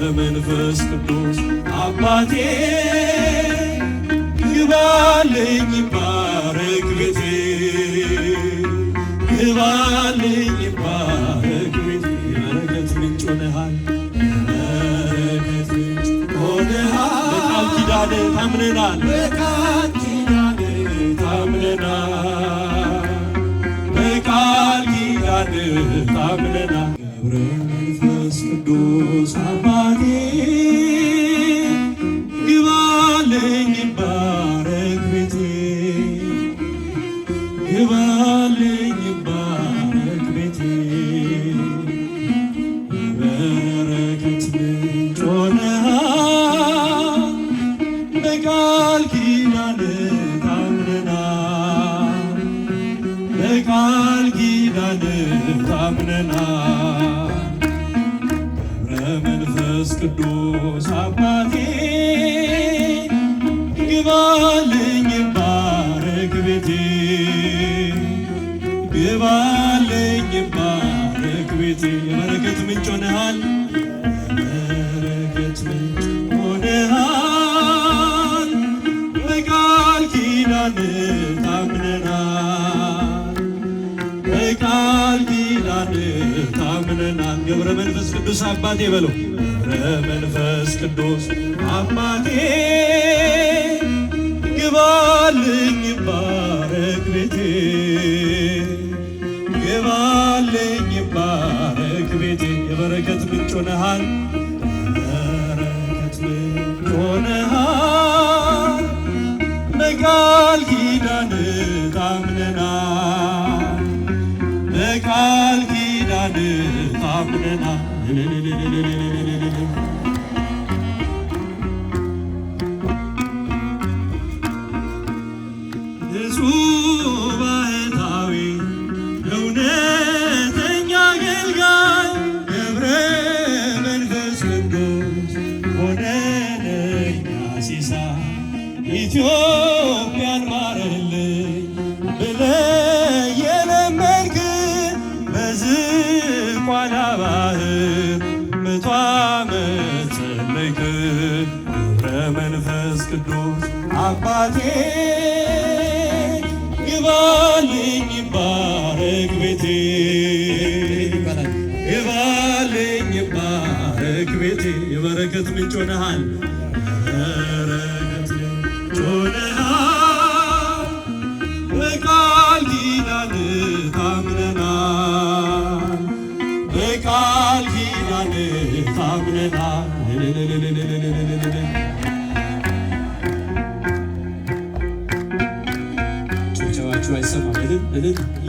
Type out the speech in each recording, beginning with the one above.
በመንፈስ ቅዱስ አባቴ ግባልኝ ይባረክ ቤቴ ግባልኝ ይባረክ ቤቴ የበረከት ምንጭ ሆነሃል በቃል ኪዳን ታምነናል በቃል ኪዳን ታምነናል በቃል ኪዳን ታምነናል መንፈስ ቅዱስ አባቴ ግባልኝ ባረክ ቤቴ ግባልኝ ባረክ ቤቴ የበረከት ምንጭ ሆነሃል የበረከት ምንጭ ሆነሃል በቃል ኪዳን ታምነናል በቃል ኪዳን ታምነናል ገብረ መንፈስ ቅዱስ አባቴ በለው ገብረ ቅዱስ አባቴ ግባልኝ ባረክ ቤቴ ግባልኝ ባረክ ቤቴ የበረከት ምንጭ ሆነሃል በረከት ምንጭ ሆነሃል በቃል ኪዳን ታምነናል በቃል ኪዳን ታምነናል ሆነ ለኛ ሲሳ ኢትዮጵያን ማረልኝ ብለህ የለመንክን በዝቋላ ባህር መቶ ዓመት ጸለይክን ገብረ መንፈስ ቅዱስ አባቴ ግባልኝ ይባረክ ቤቴ የበረከት ምንጭ ሆነሃል።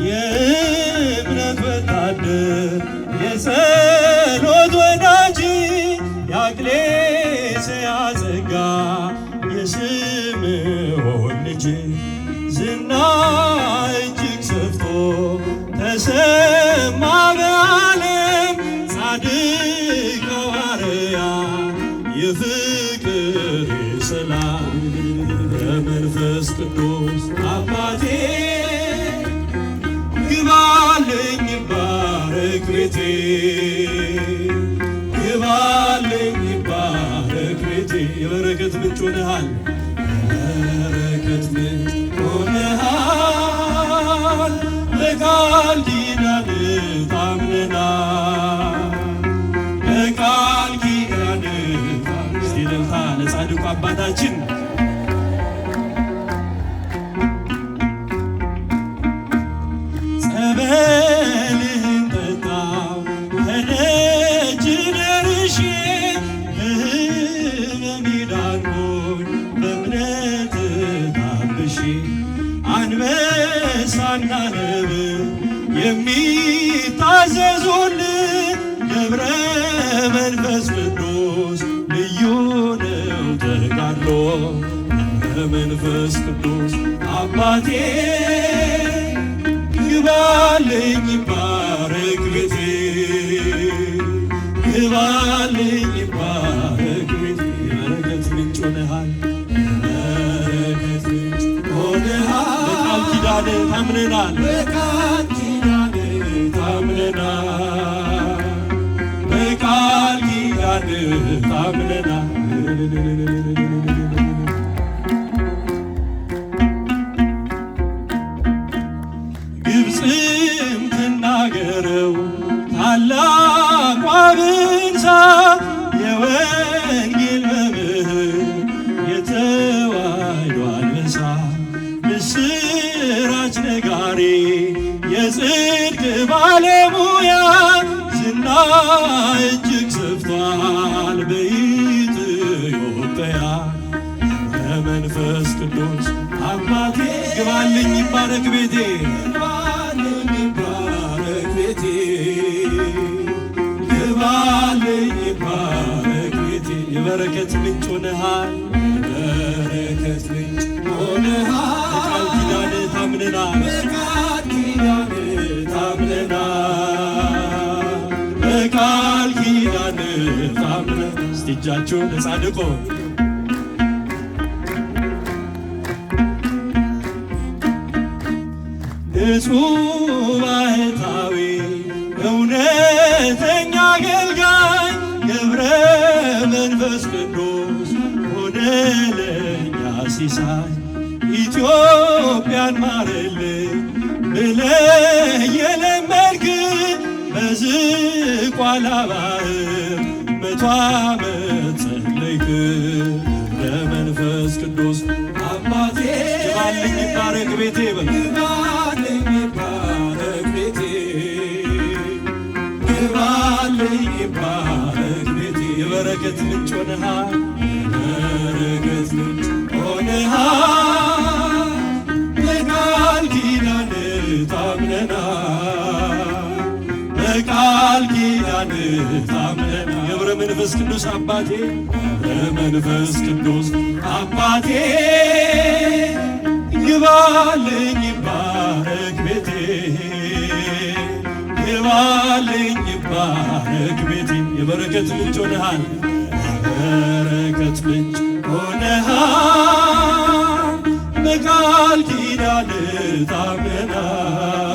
የእምነት የስምዖን ልጅ ዝና እጅግ ሰፍቶ ተሰማ በዓለም ጻድቅ ሐዋርያ የፍቅር ሰላም በመንፈስ ቅዱስ አባቴ ግባልኝ ባረክ ቤቴ የበረከት ምንጭ ሆነሃል። አንበሳና ነብ የሚታዘዙልን ገብረ መንፈስ ቅዱስ ልዩ ነው ተጋድሎ መንፈስ ቅዱስ አባቴ ግባልኝ ባረክ ቤቴ ግባልኝ ኪዳን ታምነናል በቃል ኪዳን ታምነናል በቃል ኪዳን ታምነናል ግብፅም ትናገረው ታላቋ ብንሳ የወ ፈጣሪ የጽድቅ ባለሙያ ዝና እጅግ ሰፍቷል በኢትዮጵያ። መንፈስ ቅዱስ አባቴ ግባልኝ ይባረክ ቤቴ ይባረክ ቤቴ ግባልኝ ይባረክ የበረከት ምንጭ ሆነሃል የበረከት ምንጭ ሆነሃል ቃል ኪዳን ታምነናል እስቲ እጃችሁ ለጻድቁ ንጹሕ ባህታዊ እውነተኛ አገልጋይ ገብረ መንፈስ ቅዱስ ሆነ ለእኛ ሲሳይ ኢትዮጵያን ማርልን ብለህ የለመንክ በዝቋላ ባህር በእውነቷ መጸለይ ቅዱስ አባቴ ባልኝ ቤቴ ባልኝ ቤቴ የበረከት ምንጭ ሆነሃል የበረከት ምንጭ በቃል ኪዳን መንፈስ ቅዱስ አባቴ መንፈስ ቅዱስ አባቴ ይባልኝ ይባረክ ቤቴ ይባልኝ ይባረክ ቤቴ የበረከት ምንጭ ሆነሃል የበረከት ምንጭ ሆነሃል በቃል ኪዳን ታምናል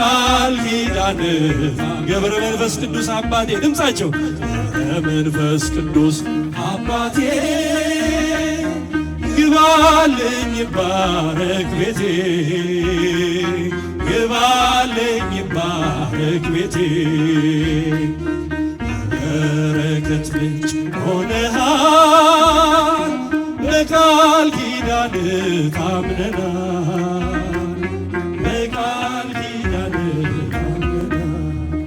ቃል ኪዳን ገብረ መንፈስ ቅዱስ አባቴ ድምፃቸው መንፈስ ቅዱስ አባቴ ግባልኝ ይባረክ ቤቴ ግባልኝ ይባረክ ቤቴ በረከት ምንጭ ሆነሃል በቃል ኪዳን ታምነናል